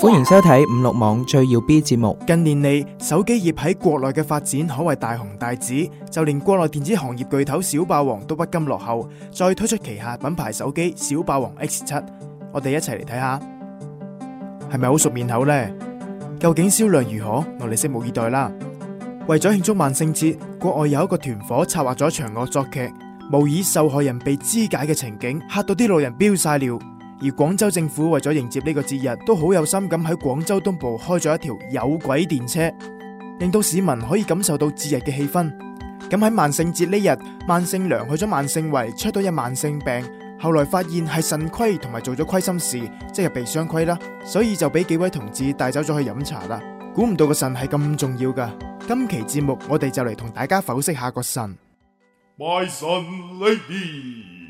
歡迎收睇五六網最耀 B 節目。近年嚟，手機業喺國內嘅發展可謂大紅大紫，就連國內電子行業巨頭小霸王都不甘落後，再推出旗下品牌手機小霸王 X 七。我哋一齊嚟睇下，係咪好熟面口呢？究竟銷量如何？我哋拭目以待啦。為咗慶祝萬聖節，國外有一個團夥策劃咗場惡作劇，模擬受害人被肢解嘅情景，嚇到啲路人飆晒尿。而廣州政府為咗迎接呢個節日，都好有心咁喺廣州東部開咗一條有軌電車，令到市民可以感受到節日嘅氣氛。咁喺萬聖節呢日，萬聖娘去咗萬聖圍，出到一萬聖病，後來發現係腎虧同埋做咗虧心事，即係被雙規啦，所以就俾幾位同志帶走咗去飲茶啦。估唔到個腎係咁重要噶。今期節目我哋就嚟同大家剖析下個腎。賣腎，Lady。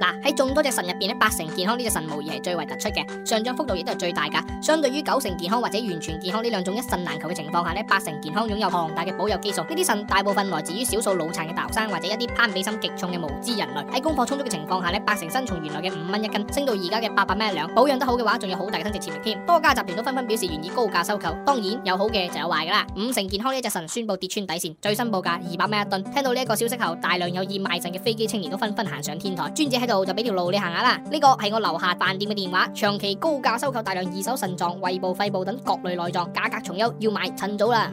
嗱，喺眾多隻腎入邊咧，八成健康呢隻腎無疑係最為突出嘅，上漲幅度亦都係最大噶。相對於九成健康或者完全健康呢兩種一腎難求嘅情況下咧，八成健康擁有龐大嘅保有基數。呢啲腎大部分來自於少數腦殘嘅大學生或者一啲攀比心極重嘅無知人類。喺供破充足嘅情況下咧，八成新從原來嘅五蚊一斤升到而家嘅八百蚊一兩，保養得好嘅話，仲有好大嘅增值潛力添。多家集團都紛紛表示願意高價收購。當然有好嘅就有壞噶啦。五成健康呢隻腎宣布跌穿底線，最新報價二百蚊一噸。聽到呢一個消息後，大量有意賣腎嘅飛機青年都紛紛行上天台，專就俾條路你行下啦，呢個係我樓下飯店嘅電話，長期高價收購大量二手腎臟、胃部、肺部等各類內臟，價格重優，要買趁早啦。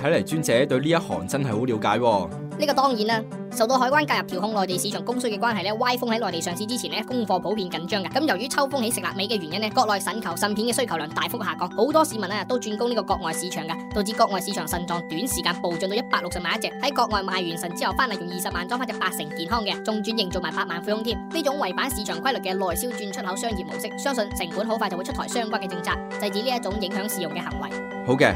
睇嚟專者對呢一行真係好了解。啊，呢個、啊、當然啦。受到海關介入調控內地市場供需嘅關係咧，歪風喺內地上市之前呢供貨普遍緊張嘅。咁由於秋風起食臘味嘅原因呢國內腎求腎片嘅需求量大幅下降，好多市民啊都轉攻呢個國外市場噶，導致國外市場腎臟短時間暴漲到一百六十萬一隻。喺國外賣完腎之後，翻嚟用二十萬裝翻隻八成健康嘅，仲轉型做埋百萬富翁添。呢種違反市場規律嘅內銷轉出口商業模式，相信城管好快就會出台相關嘅政策，制止呢一種影響市容嘅行為。好嘅。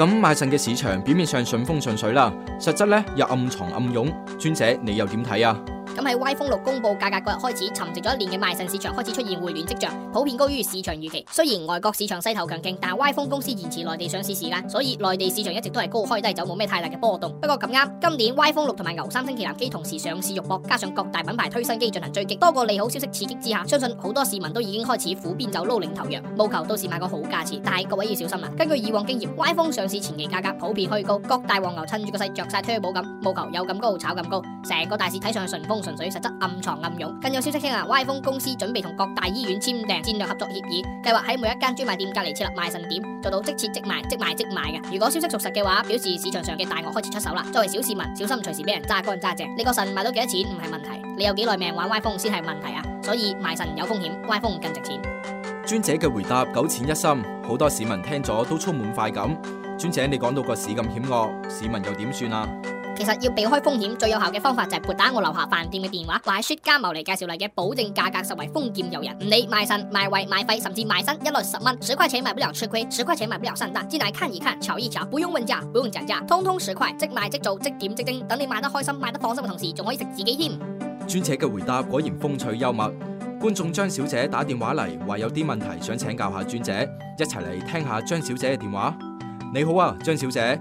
咁賣腎嘅市場表面上順風順水啦，實質呢又暗藏暗湧，尊者你又點睇啊？咁喺 Y 蜂六公布價格嗰日開始，沉寂咗一年嘅賣腎市場開始出現回暖跡象，普遍高於市場預期。雖然外國市場勢頭強勁，但 Y 蜂公司延遲內地上市時間，所以內地市場一直都係高開低走，冇咩太大嘅波動。不過咁啱，今年 Y 蜂六同埋牛三星旗艦機同時上市肉搏，加上各大品牌推新機進行追擊，多個利好消息刺激之下，相信好多市民都已經開始苦邊走撈領頭羊，務求到時買個好價錢。但係各位要小心啦，根據以往經驗，Y 蜂上市前期價格普遍虛高，各大黃牛趁住個勢着晒拖帽咁，務求有咁高炒咁高，成個大市睇上係順風。純粹實質暗藏暗湧，更有消息稱啊，Y 峰公司準備同各大醫院簽訂戰略合作協議，計劃喺每一間專賣店隔籬設立賣腎點，做到即切即賣，即賣即賣嘅。如果消息屬實嘅話，表示市場上嘅大鱷開始出手啦。作為小市民，小心隨時俾人揸乾揸淨。你個腎賣到幾多錢唔係問題，你有幾耐命玩 Y 峰先係問題啊。所以賣腎有風險，Y 峰更值錢。專者嘅回答九淺一深，好多市民聽咗都充滿快感。專者你講到個市咁險惡，市民又點算啊？其實要避開風險，最有效嘅方法就係撥打我樓下飯店嘅電話，話係雪家茂嚟介紹嚟嘅，保證價格實惠、風劍誘人。唔理賣腎、賣胃、賣肺，甚至賣身，一律十蚊，十塊錢買不了吃虧，十塊錢買不了上當。進來看一看，瞧一瞧，不用問價，不用講價，通通十塊。即買即做，即點即蒸。等你買得開心、買得放心嘅同時，仲可以食自己添。專姐嘅回答果然風趣幽默。觀眾張小姐打電話嚟，話有啲問題想請教下專姐，一齊嚟聽下張小姐嘅電話。你好啊，張小姐。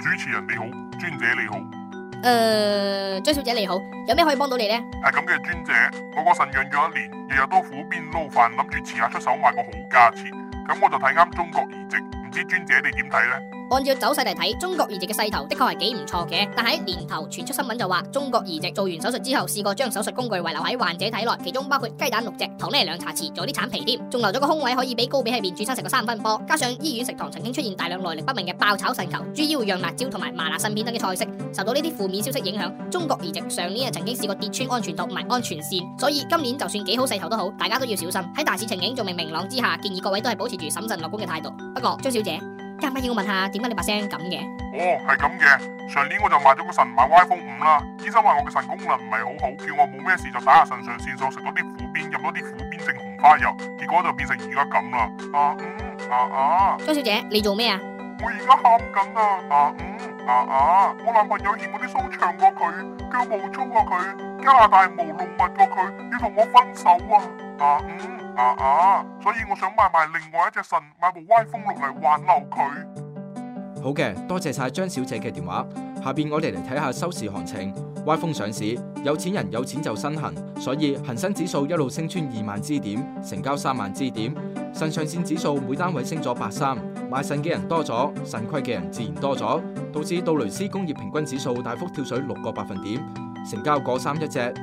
主持人你好，專姐你好。誒，張小姐你好，有咩可以幫到你呢？係咁嘅，尊姐，我個腎養咗一年，日日都苦邊撈飯，諗住遲下出手賣個好價錢，咁我就睇啱中國移植，唔知尊姐你點睇呢？按照走勢嚟睇，中國移植嘅勢頭的確係幾唔錯嘅。但喺年頭傳出新聞就話，中國移植做完手術之後，試過將手術工具遺留喺患者體內，其中包括雞蛋六隻、糖呢兩茶匙、仲有啲橙皮添，仲留咗個空位可以俾高比喺邊轉身食個三分波。加上醫院食堂曾經出現大量來歷不明嘅爆炒腎球、豬腰、釀辣椒同埋麻辣腎片等嘅菜式，受到呢啲負面消息影響，中國移植上年啊曾經試過跌穿安全套同埋安全線，所以今年就算幾好勢頭都好，大家都要小心。喺大市情景仲未明朗之下，建議各位都係保持住審慎樂觀嘅態度。不過張小姐。做乜要我問下？點解你把聲咁嘅？哦，係咁嘅。上年我就買咗個腎買 iPhone 五啦。醫生話我嘅腎功能唔係好好，叫我冇咩事就打下腎上腺素，食多啲苦邊，飲多啲苦邊正紅花油。結果就變成而家咁啦。啊嗯啊啊！張小姐，你做咩啊？我而家喊緊啊！啊嗯啊啊！我男朋友嫌我啲鬚長過佢，腳毛粗過佢。加拿大無路物個佢要同我分手啊！啊嗯啊啊，所以我想買埋另外一隻腎，買部 iPhone 落嚟挽留佢。好嘅，多謝晒張小姐嘅電話。下邊我哋嚟睇下收市行情。iPhone 上市，有錢人有錢就身痕，所以恒生指數一路升穿二萬支點，成交三萬支點。腎上腺指數每單位升咗八三，買腎嘅人多咗，腎虧嘅人自然多咗，導致杜蕾斯工業平均指數大幅跳水六個百分點。成交過三一隻。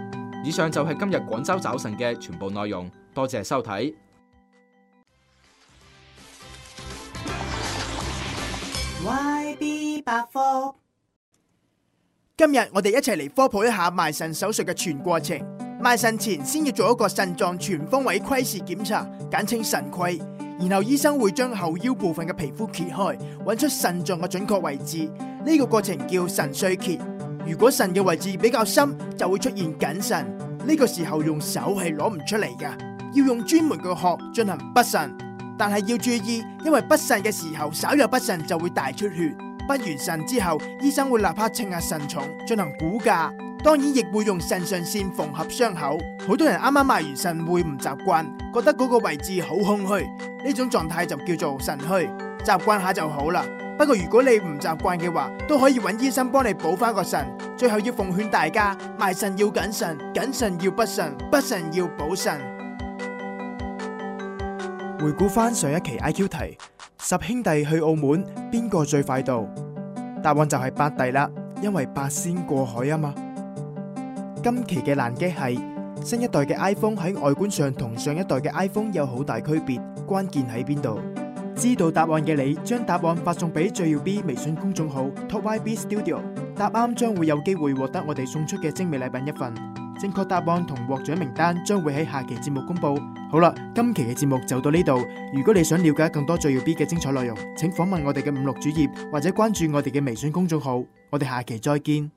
以上就係今日廣州找腎嘅全部內容，多謝收睇。YB 百科。今日我哋一齊嚟科普一下賣腎手術嘅全過程。賣腎前先要做一個腎臟全方位窺視檢查，簡稱腎窺。然後醫生會將後腰部分嘅皮膚揭開，揾出腎臟嘅準確位置。呢、這個過程叫腎碎揭。如果腎嘅位置比較深，就會出現緊腎。呢個時候用手係攞唔出嚟嘅，要用專門嘅殼進行剝腎。但係要注意，因為剝腎嘅時候稍有不慎就會大出血。剝完腎之後，醫生會立刻稱下腎重進行估價。當然，亦會用腎上腺縫合傷口。好多人啱啱賣完腎會唔習慣，覺得嗰個位置好空虛，呢種狀態就叫做腎虛，習慣下就好啦。不過如果你唔習慣嘅話，都可以揾醫生幫你補翻個腎。最後要奉勸大家，賣腎要謹慎，謹慎要不慎，不慎要補腎。回顧翻上一期 IQ 題，十兄弟去澳門邊個最快到？答案就係八弟啦，因為八仙過海啊嘛。今期嘅難機係新一代嘅 iPhone 喺外觀上同上一代嘅 iPhone 有好大區別，關鍵喺邊度？知道答案嘅你，將答案發送俾最耀 B 微信公眾號 TopYB Studio，答啱將會有機會獲得我哋送出嘅精美禮品一份。正確答案同獲獎名單將會喺下期節目公布。好啦，今期嘅節目就到呢度。如果你想了解更多最耀 B 嘅精彩內容，請訪問我哋嘅五六主頁或者關注我哋嘅微信公眾號。我哋下期再見。